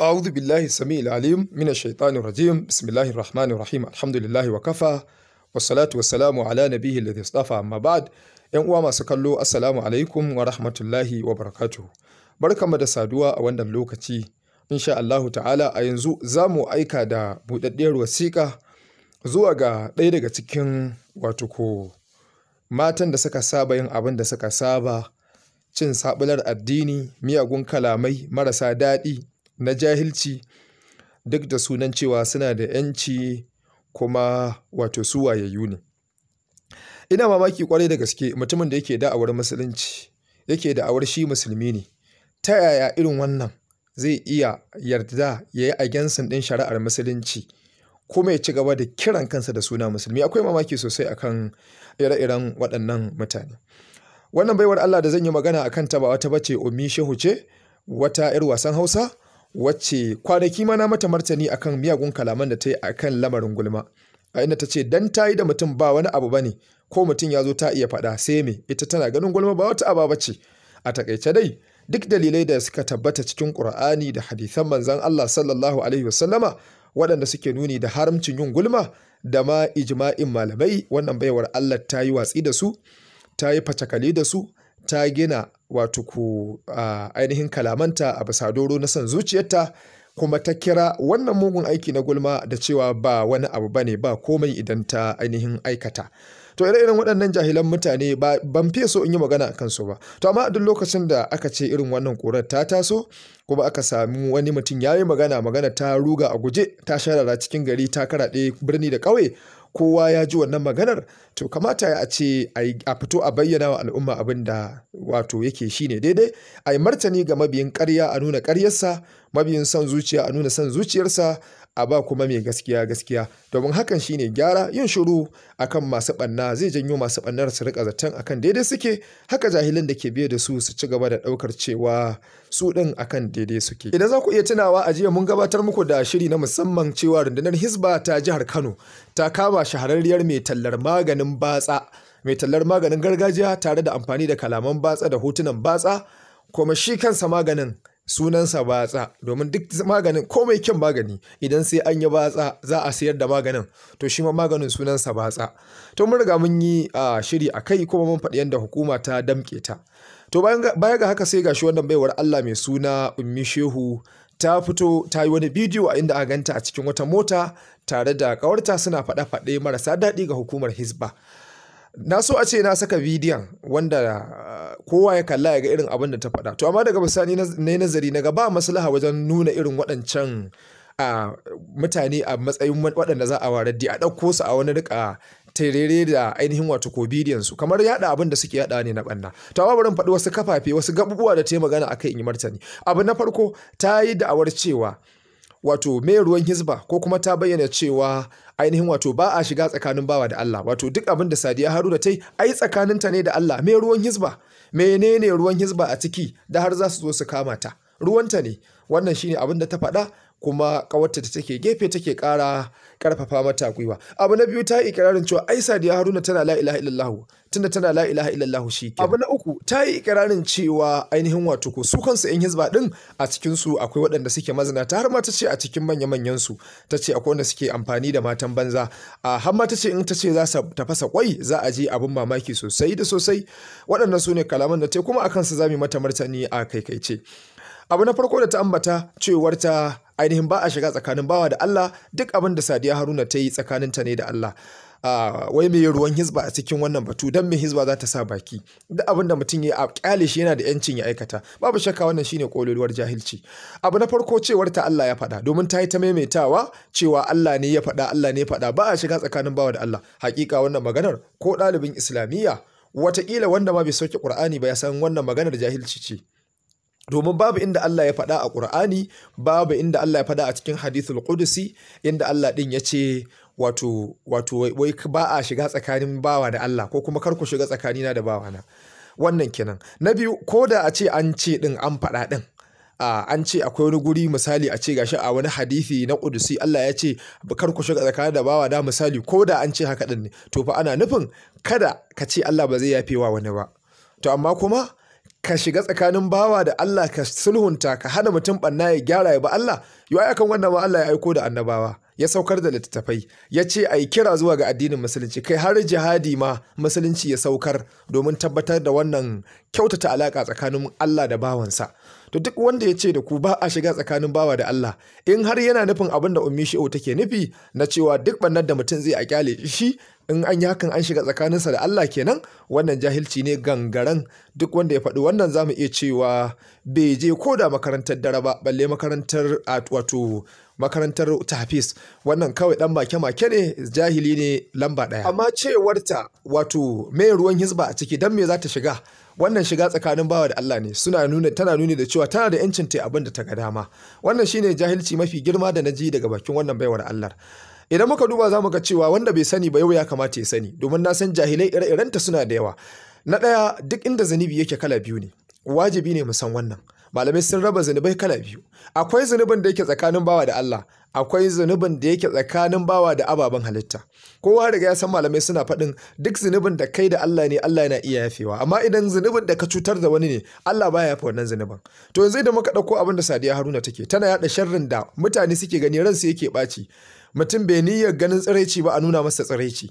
أعوذ بالله السميع Minna من الشيطان الرجيم بسم الله الرحمن الرحيم الحمد لله وكفى والصلاة والسلام على ‘yan uwa masu kallo assalamu alaikum wa rahmatullahi wa barakatuhu barkanmu da saduwa a wannan lokaci insha Allahu ta'ala a yanzu za mu aika da buɗaɗɗiyar wasiƙa zuwa ga ɗaya daga cikin wato ko matan da suka saba yin abin da suka saba cin sabular addini miyagun kalamai marasa daɗi na jahilci duk da sunan cewa suna da ‘yanci kuma wato su wayayyu ne. Ina mamaki kwarai da gaske mutumin da yake da'awar musulunci yake da'awar shi musulmi ne. Ta yaya irin wannan zai iya yarda ya yi agensin ɗin shari'ar musulunci kuma ya ci gaba da kiran kansa da suna musulmi akwai mamaki sosai akan ire-iren waɗannan mutane. Wannan baiwar Allah da zan yi magana akan ta ba wata bace Ummi Shehu ce wata 'yar wasan Hausa wacce kwanaki ma na mata martani akan miyagun kalaman da ta yi akan lamarin gulma a inda ta ce dan ta yi da mutum ba wani abu bane ko mutum ya zo ta iya faɗa sai me ita tana ganin gulma ba wata aba bace a takaice dai duk dalilai da suka tabbata cikin Qur'ani da hadisan manzon Allah sallallahu alaihi wasallama waɗanda suke nuni da haramcin yin gulma da ma ijma'in malamai wannan baiwar Allah ta yi watsi da su ta yi facakali da su ta gina wato ku ainihin kalamanta a bisa doro na son zuciyarta kuma ta kira wannan mugun aiki na gulma da cewa ba wani abu bane ba komai idan ta ainihin aikata to ire irin waɗannan jahilan mutane ba ban fiye so in yi magana a kansu ba to amma duk lokacin da aka ce irin wannan ƙurar ta taso kuma aka sami wani mutum ya yi magana magana ta ruga a guje ta sharara cikin gari ta karaɗe birni da ƙauye kowa ya ji wannan maganar to kamata a ce a fito a bayyana wa al'umma abin da wato yake shi ne daidai a yi martani ga mabiyin karya a nuna karyarsa. mabiyin son zuciya a nuna son zuciyarsa a ba kuma mai gaskiya gaskiya domin hakan shine gyara yin shiru akan masu banna zai janyo masu bannar su rika zaton akan daidai suke haka jahilin da ke biye da su su ci gaba da daukar cewa su din akan daidai suke idan za ku iya tunawa a jiya mun gabatar muku da shiri na musamman cewa rundunar hisba ta jihar Kano ta kama shahararriyar mai tallar maganin batsa mai tallar maganin gargajiya tare da amfani da kalaman batsa da hotunan batsa kuma shi kansa maganin sunansa batsa domin duk maganin komai kyan magani idan sai an yi batsa za a sayar da maganin to shi ma maganin sunansa batsa to mun riga mun yi shiri a kai kuma mun faɗi yadda hukuma ta damƙe ta to baya ga haka sai gashi wannan baiwar Allah mai suna ummi shehu ta fito ta yi wani bidiyo a inda a ganta a cikin wata mota tare da kawarta suna faɗa-faɗe marasa daɗi ga hukumar hisba na so a ce na saka bidiyon wanda ah, kowa ya kalla ya ga irin abin da ta faɗa to amma daga bisani na yi nazari na ba maslaha wajen nuna irin waɗancan ah, mutane a matsayin waɗanda za a warar a ɗauko su a wani rika terere da ainihin wato ko bidiyon su kamar yaɗa abin da suke yada ne na banna to amma bari faɗi wasu kafafe wasu gabubuwa da ta yi magana akai in yi martani abu na farko ta yi da'awar cewa wato me ruwan hizba ko kuma ta bayyana cewa ainihin wato ba a shiga tsakanin bawa da Allah wato duk abin da Sadiya Haruna ta yi ai tsakaninta ne da Allah me ruwan hizba menene ruwan hizba a ciki da har za su zo su kama ta ruwanta ne wannan shine abin da ta faɗa kuma ƙawarta ta take gefe take kara karfafa mata gwiwa abu na biyu ta yi ikirarin cewa ai sadiya haruna tana la ilaha illallah tunda tana la ilaha illallah shi abu na uku ta yi ikirarin cewa ainihin wato ko su kansu yan hizba din a cikin su akwai waɗanda suke ta har ma ta ce a cikin manya manyan su ta ce akwai wanda suke amfani da matan banza a har ma ta ce in ta ce za su tafasa kwai za a je abin mamaki sosai da sosai waɗannan su ne kalaman da ta kuma akan su za mu mata martani a kai kaikaice abu na farko da ta ambata cewar ainihin ba a shiga tsakanin bawa da Allah duk abin da Sadiya Haruna ta yi tsakaninta ne da Allah Uh, wai mai ruwan hizba a cikin wannan batu don mai hizba za ta sa baki duk abin da mutum ya kyale shi yana da yancin ya aikata babu shakka wannan shine kololuwar jahilci abu na farko cewar ta Allah ya faɗa domin ta yi ta maimaitawa cewa Allah ne ya faɗa Allah ne ya faɗa ba a shiga tsakanin bawa da Allah hakika wannan maganar ko ɗalibin islamiyya wataƙila wanda ma bai sauke ƙur'ani ba ya san wannan maganar jahilci ce domin babu inda Allah ya faɗa a Ƙur'ani babu inda Allah ya faɗa a cikin hadithul Qudusi inda Allah ɗin ya ce wato wai ba a shiga tsakanin bawa da Allah ko kuma kar ku shiga tsakanina da bawa na. wannan kenan na biyu ko da a ce an ce ɗin an faɗa ɗin an ce akwai wani guri misali a ce gashi a wani hadithi na kudusi Allah ya ce kar ku shiga tsakanin da bawa da misali ko da an ce haka ɗin ne to fa ana nufin kada ka ce Allah ba zai yafe wa wani ba to amma kuma ka shiga tsakanin bawa da Allah ka sulhunta ka hana mutum ɓanna ya gyara ya ba Allah yau akan wannan ma Allah ya aiko da annabawa ya saukar da littattafai ya ce a yi kira zuwa ga addinin musulunci kai har jihadi ma musulunci ya saukar domin tabbatar da wannan kyautata alaƙa tsakanin Allah da bawansa to duk wanda ya ce da ku ba a shiga tsakanin bawa da Allah in har yana nufin abin da ummi shi'o take nufi na cewa duk bannar da mutum zai a kyale shi in an yi hakan an shiga tsakaninsa da Allah kenan wannan jahilci ne gangaren duk wanda ya faɗi wannan zamu iya cewa bai je ko da makarantar dare ba balle makarantar wato makarantar tafis wannan kawai dan make-make ne jahili ne lamba ɗaya amma cewarta wato mai ruwan Hisba, a ciki dan me za ta shiga wannan shiga tsakanin bawa da Allah ne suna nuna tana nuni da cewa tana da yancin ta abin da ta ga dama wannan shine jahilci mafi girma da naji daga bakin wannan baiwar Allah idan muka duba za mu ga cewa wanda bai sani ba yau ya kamata ya sani domin na san jahilai ire-irenta suna da yawa na ɗaya duk inda zanibi yake kala biyu ne wajibi ne mu san wannan malamai sun raba zanibai kala biyu akwai zunubin da yake tsakanin bawa da Allah akwai zanibin da yake tsakanin bawa da ababen halitta kowa riga ya san malamai suna faɗin duk zunubin da kai da Allah ne Allah yana iya yafewa amma idan zunubin da ka cutar da wani ne Allah baya yafe wannan zanibin to yanzu idan muka ɗauko abin da Sadiya Haruna take tana yaɗa sharrin da mutane suke gani ransu yake ɓaci mutum bai niyyar ganin tsiraici ba a nuna masa tsiraici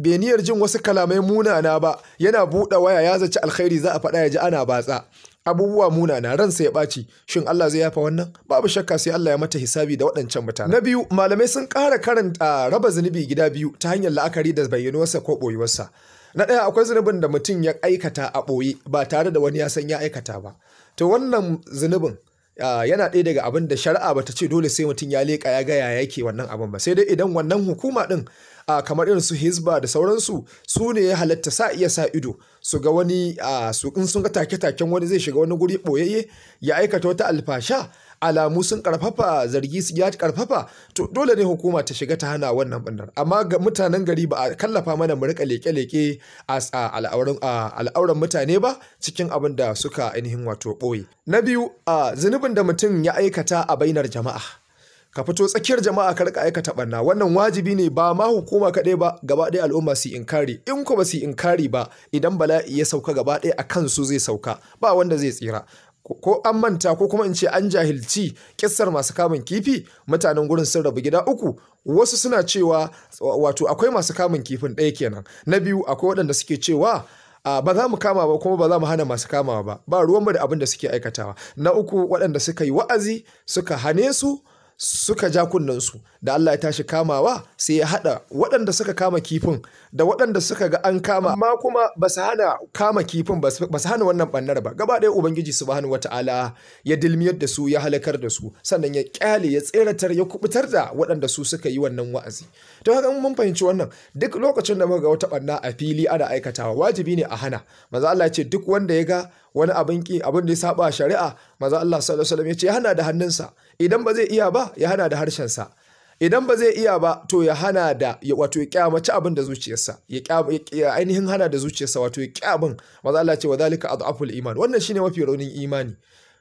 bai niyyar jin wasu kalamai munana ba yana buɗe waya ya zaci alkhairi za a faɗa ya ji ana batsa abubuwa munana ransa ya ɓaci shin Allah zai yafa wannan babu shakka sai Allah ya mata hisabi da waɗancan mutane na biyu malamai sun ƙara karanta ah, raba zunubi gida biyu ta hanyar la'akari da bayyanuwarsa ko ɓoyuwarsa na ɗaya akwai zunubin da mutum ya aikata a ɓoye ba tare da wani ya san ya aikata ba to wannan zunubin Ah, yana ɗaya daga abin da shari'a bata ce dole sai mutum ya leƙa ya gaya yake wannan abin ba sai dai idan wannan hukuma ɗin a ah, kamar irin su hizba da sauransu su ne ya halatta sa iya sa ido su ga wani ah, su in sun ga take-taken wani zai shiga wani guri ɓoyayye ya aikata wata alfasha alamu sun karfafa zargi su ya karfafa to dole ne hukuma ta shiga ta hana wannan bannar amma ga mutanen gari ba a kallafa mana mu rika leke-leke a al'auran mutane ba cikin abin da suka ainihin wato ɓoye na biyu a zunubin da mutum ya aikata a bainar jama'a ka fito tsakiyar jama'a ka rika aikata barna wannan wajibi ne ba ma hukuma kaɗai ba gaba ɗaya al'umma su inkari in ko ba su inkari ba idan bala'i ya sauka gaba ɗaya a kansu zai sauka ba wanda zai tsira ko an manta ko kuma in ce an jahilci kissar masu kamun kifi mutanen gurin sun rabu gida uku wasu suna cewa wato akwai masu kamun kifin ɗaya kenan na biyu akwai waɗanda suke cewa ba za mu kama ba kuma ba za mu hana masu kamawa ba ba ruwan da abin da suke aikatawa na uku waɗanda suka yi wa'azi suka hane su suka ja kunnensu da Allah ya tashi kamawa sai ya haɗa waɗanda suka kama kifin da waɗanda suka ga an kama amma kuma ba su hana kama kifin ba su hana wannan bannar ba gaba ɗaya ubangiji subhanahu wata'ala ya dilmiyar da su ya halakar da su sannan ya ƙyale ya tseratar ya kubutar da waɗanda su suka yi wannan wa'azi to haka mun fahimci wannan duk lokacin da muka ga wata ɓanna a fili ana aikatawa wajibi ne a hana maza Allah ya ce duk wanda ya ga wani abin ki abin da ya saba shari'a maza Allah sallallahu alaihi wasallam ya ce ya hana da hannunsa idan ba zai iya ba ya hana da sa.' idan ba zai iya ba to ya hana da wato ya kyamaci abin da zuciyarsa ya ainihin hana da zuciyarsa wato ya kyabin maza Allah ce wa zalika adhaful iman wannan shine mafi raunin imani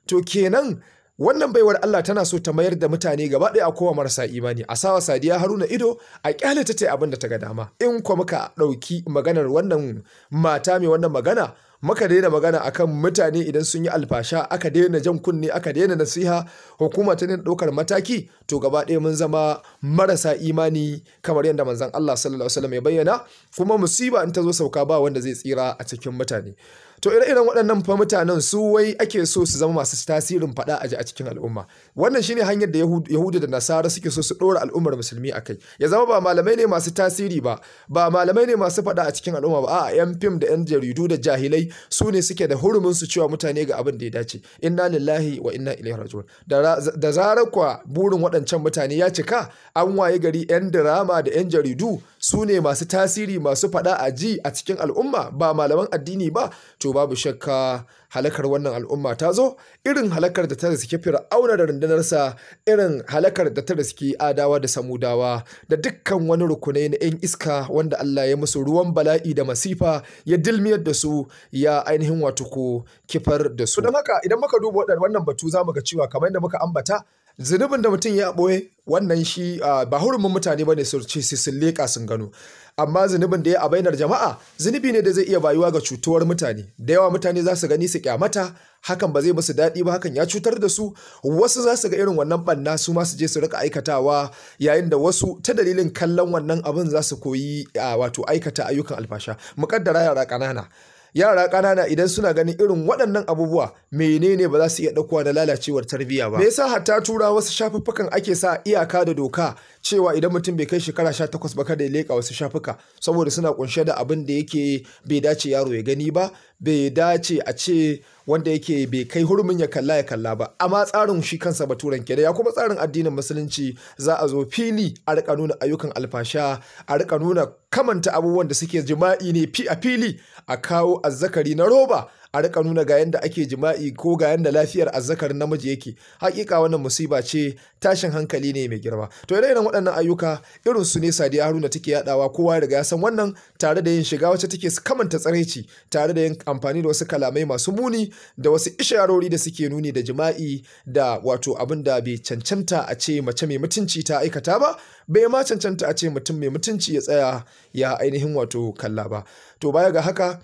to kenan wannan baiwar Allah tana so ta mayar da mutane gaba ɗaya a kowa marasa imani a sawa sadiya haruna ido a kyale ta abin da ta ga dama in kuma muka ɗauki maganar wannan mata mai wannan magana muka daina magana akan mutane idan sun yi alfasha aka daina jan kunne aka daina nasiha hukuma ta daina ɗaukar mataki to gaba ɗaya mun zama marasa imani kamar yadda manzon Allah sallallahu alaihi wasallam ya bayyana kuma musiba in ta zo sauka ba wanda zai tsira a cikin mutane to ire-iren waɗannan fa mutanen su wai ake so su zama masu tasirin faɗa a a cikin al'umma wannan shine hanyar da yahudu da nasara suke so su ɗora al'ummar musulmi a kai ya zama ba malamai ne masu tasiri ba ba malamai ne masu faɗa a cikin al'umma ba a'a yan fim da yan jaridu da jahilai su ne suke da hurumin su cewa mutane ga abin da ya dace inna lillahi wa inna ilaihi raji'un da zarar kwa burin waɗancan mutane ya cika an waye gari yan dirama da yan jaridu su ne masu tasiri masu faɗa a ji a cikin al'umma ba malaman addini ba to babu shakka halakar wannan al'umma ta zo irin halakar da ta suke fir'auna da rundunarsa irin halakar da ta suke adawa da samudawa da dukkan wani rukunai na 'yan iska wanda Allah ya musu ruwan bala'i da masifa ya dilmiyar da su ya ainihin wato ko kifar da su don haka idan muka duba wannan batu za ga cewa kamar yadda muka ambata zunubin da mutum ya ɓoye wannan shi ba hurumin mutane ba ne su ce sun leƙa sun gano amma zunubin da ya abainar jama'a zunubi ne da zai iya bayuwa ga cutuwar mutane da yawa mutane za su gani su kyamata hakan ba zai musu daɗi ba hakan ya cutar da su wasu za su ga irin wannan ɓanna su ma su je su rika aikatawa yayin da wasu ta dalilin kallon wannan abin za su koyi wato aikata ayyukan alfasha muƙaddara yara ƙanana yara ƙanana idan suna ganin irin waɗannan abubuwa menene ba za su iya ɗaukowa da lalacewar tarbiyya ba me yasa hatta tura wasu shafuffukan ake sa iyaka da doka cewa idan mutum bai kai shekara sha takwas ba kada ya leƙa wasu shafuka saboda suna kunshe da abin da yake bai dace yaro ya gani ba bai dace a ce wanda yake bai kai hurumin ya kalla ya kalla ba amma tsarin shi kansa ba turan kenan ya kuma tsarin addinin musulunci za a zo fili a rika nuna ayyukan alfasha a rika nuna kamanta abubuwan da suke jima'i ne fi a fili a kawo azzakari na roba a rika nuna ga yadda ake jima'i ko ga yadda lafiyar azzakarin namiji yake hakika wannan musiba ce tashin hankali ne mai girma to ire iren waɗannan ayyuka irin su ne Sadiya Haruna take yadawa kowa daga ya san wannan tare da yin shiga wacce take kamanta tsaraici tare da yin amfani da wasu kalamai masu muni da wasu isharori da suke nuni da jima'i da wato abin da bai cancanta a ce mace mai mutunci ta aikata ba bai ma cancanta a ce mutum mai mutunci ya tsaya ya ainihin wato kalla ba to baya ga haka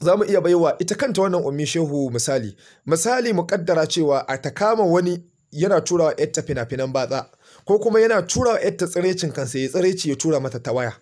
za mu iya baiwa ita kanta wannan ummi shehu misali misali mu kaddara cewa a ta kama wani yana turawa wa yatta fina-finan batsa ko kuma yana turawa wa yatta tsirecin kansa ya tsireci ya tura mata ta waya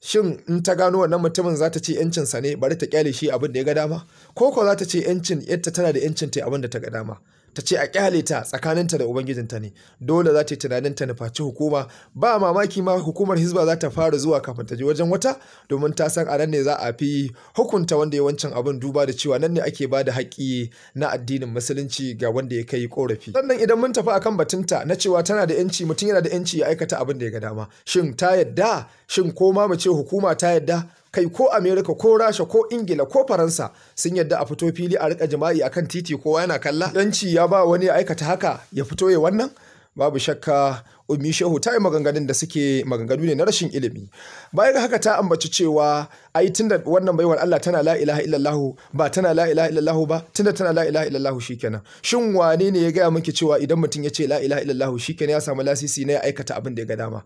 shin in ta gano wannan mutumin za ta ce yancin sa ne bari ta kyale shi abin da ya ga dama ko ko za ta ce yancin yatta tana da yancin ta abin da ta ga dama ta ce a kyale ta tsakaninta da ubangijinta ne dole za ta yi tunanin ta nufaci hukuma ba mamaki ma hukumar hizba za ta fara zuwa kafin ta je wajen wata domin ta san a nan ne za a fi hukunta wanda ya wancan abin duba da cewa nan ne ake ba da haƙƙi na addinin musulunci ga wanda ya kai korafi sannan idan mun tafi akan batunta na cewa tana da yanci mutum yana da yanci ya aikata abin da ya ga dama shin ta yadda shin ko ma mu ce hukuma ta yadda kai ko Amerika ko rasha ko ingila ko faransa sun yadda a fito fili a rika jima'i akan titi kowa yana kalla yanci ya ba wani aikata haka ya fito ya wannan babu shakka ummi shehu ta yi maganganun da suke maganganu ne na rashin ilimi Bayan haka ta ambaci cewa a yi tunda wannan baiwar Allah tana la ilaha illallah ba tana la ilaha illallah ba tunda tana la ilaha illallah shikenan shin wane ne ya gaya miki cewa idan mutum ya ce la ilaha illallah shikenan ya samu lasisi na ya aikata abin da ya ga dama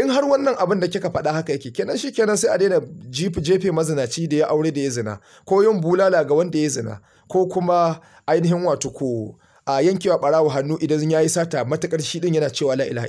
in har wannan abin da kika faɗa haka yake kenan shi kenan sai a daina jefe mazinaci da ya aure da ya zina ko yin bulala ga wanda ya zina ko kuma ainihin wato ko a yankewa ɓarawo hannu idan ya yi sata matakar shi ɗin yana cewa la ilaha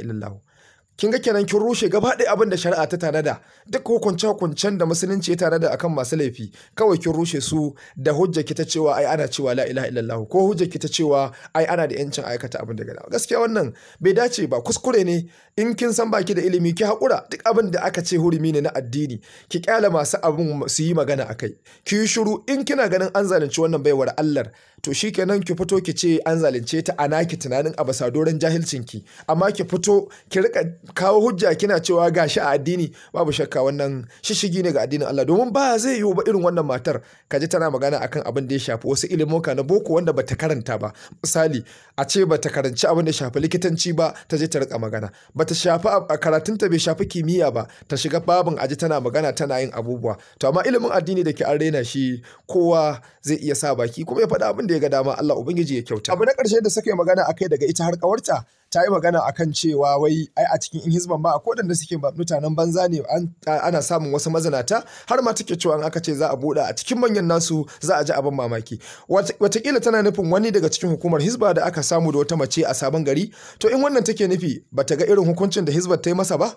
kin ga kenan kin rushe gaba ɗaya abin da shari'a ta tanada duk hukunce hukuncen da musulunci ya tanada akan masu laifi kawai kin rushe su da hujja ki ta cewa ai ana cewa la ilaha illallah ko hujja ki ta cewa ai ana da yancin aikata abin da gada gaskiya wannan bai dace ba kuskure ne in kin san baki da ilimi ki haƙura duk abin da aka ce hurumi ne na addini ki kyale masu abin su yi magana akai ki yi shiru in kina ganin an zalunci wannan baiwar Allah to shi shikenan ki fito ki ce an zalunce ta ana ki tunanin a basa jahilcin ki amma ki fito ki rika kawo hujja kina cewa ga shi a addini babu shakka wannan shishigi ne ga addinin Allah domin ba zai yiwu ba irin wannan matar ka ji tana magana akan abin da ya shafi wasu ilimoka na boko wanda ba ta karanta ba misali a ce ba ta karanci abin da ya shafi likitanci ba ta je ta rika magana Ba ta shafi karatun ta bai shafi kimiyya ba ta shiga babin aji tana magana tana yin abubuwa to amma ilimin addini da ke an rena shi kowa zai iya sa baki kuma ya faɗa abin da ya ga dama Allah ubangiji ya kyauta abu na ƙarshe da suka yi magana akai daga ita har kawarta ta yi magana a kan cewa wai ai a cikin in ba ko akwai da suke mutanen banza ne ana samun wasu mazanata har ma take cewa in aka ce za a buɗe a cikin manyan nasu za a ji abin mamaki watakila tana nufin wani daga cikin hukumar hizba da aka samu da wata mace a sabon gari to in wannan take nufi bata ga irin hukuncin da hizbar ta yi masa ba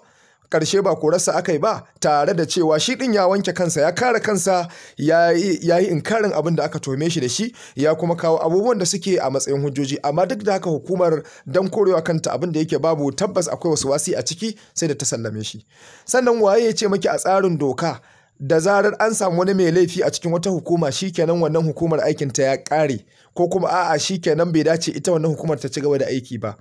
karshe ba korarsa aka yi ba tare da cewa shi ɗin ya wanke kansa ya kare kansa ya yi inkarin abin da aka tome shi da shi ya kuma kawo abubuwan da suke a matsayin hujjoji amma duk da haka hukumar don korewa kanta abin da yake babu tabbas akwai wasu wasi a ciki sai da ta sallame shi sannan waye ya ce maki a tsarin doka da zarar an samu wani mai laifi a cikin wata hukuma shikenan wannan hukumar aikinta ya kare ko kuma a'a shikenan bai dace ita wannan hukumar ta ci gaba da aiki ba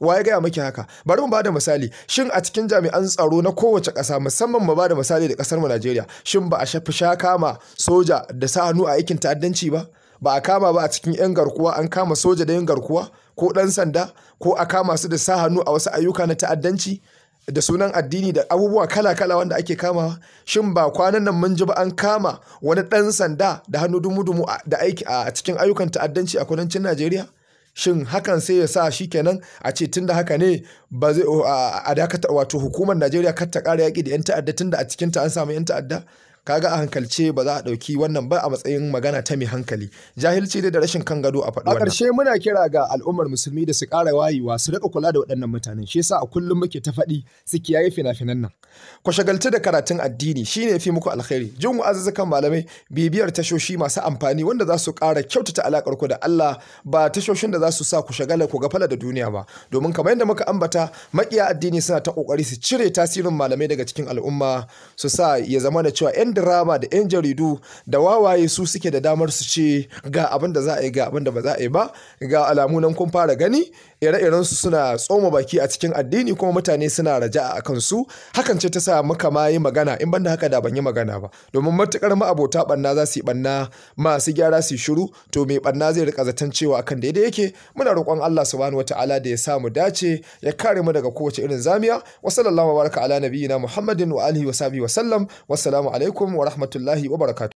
wa ya gaya maki haka bari mu bada misali shin a cikin jami'an tsaro na kowace ƙasa musamman mu bada misali da ƙasar mu Najeriya shin ba a shafi sha kama soja da sa hannu a aikin ta'addanci ba ba a kama ba a cikin 'yan garkuwa an kama soja da 'yan garkuwa ko ɗan sanda ko a kama su da sa hannu a wasu ayyuka na ta'addanci da sunan addini da abubuwa kala-kala wanda ake kama shin ba kwanan nan mun ji ba an kama wani ɗan sanda da hannu dumu-dumu da aiki a cikin ayyukan ta'addanci a kudancin najeriya shin hakan sai ya sa shi kenan a ce tunda haka ne ba zai a dakata wato hukumar Najeriya kar ta kara yaki da 'yan ta'adda tunda a cikinta an samu 'yan ta'adda kaga a hankalce ba za a ɗauki wannan ba a matsayin magana ta mai hankali jahilci dai da rashin kan gado a faɗi wannan a ƙarshe muna kira ga al'ummar musulmi da su ƙara wayewa su riƙa kula da waɗannan mutanen shi yasa a kullum muke ta faɗi su kiyaye fina-finan nan ku shagaltu da karatun addini shine fi muku alkhairi jin wa'azuzzukan malamai bibiyar tashoshi masu amfani wanda za su ƙara kyautata alakar ku da Allah ba tashoshin da za su sa ku shagala ku gafala da duniya ba domin kamar yadda muka ambata makiya addini suna ta kokari su cire tasirin malamai daga cikin al'umma su sa ya zama da cewa 'yan raba da 'yan jaridu da wawaye su suke da damar su ce ga abin da za a yi ga abin da ba za a yi ba ga alamu nan kun fara gani ire iren su suna tsoma baki a cikin addini kuma mutane suna raja a kan su hakan ce ta sa muka ma yi magana in banda haka da ban yi magana ba domin matukar ma'abota banna za su yi banna masu gyara su shiru to mai banna zai rika zaton cewa akan daidai yake muna roƙon Allah subhanahu wataala da ya sa mu dace ya kare mu daga kowace irin zamiya wa sallallahu baraka Muhammadin wa alihi wa sahbihi alaikum wa rahmatullahi wa barakatuh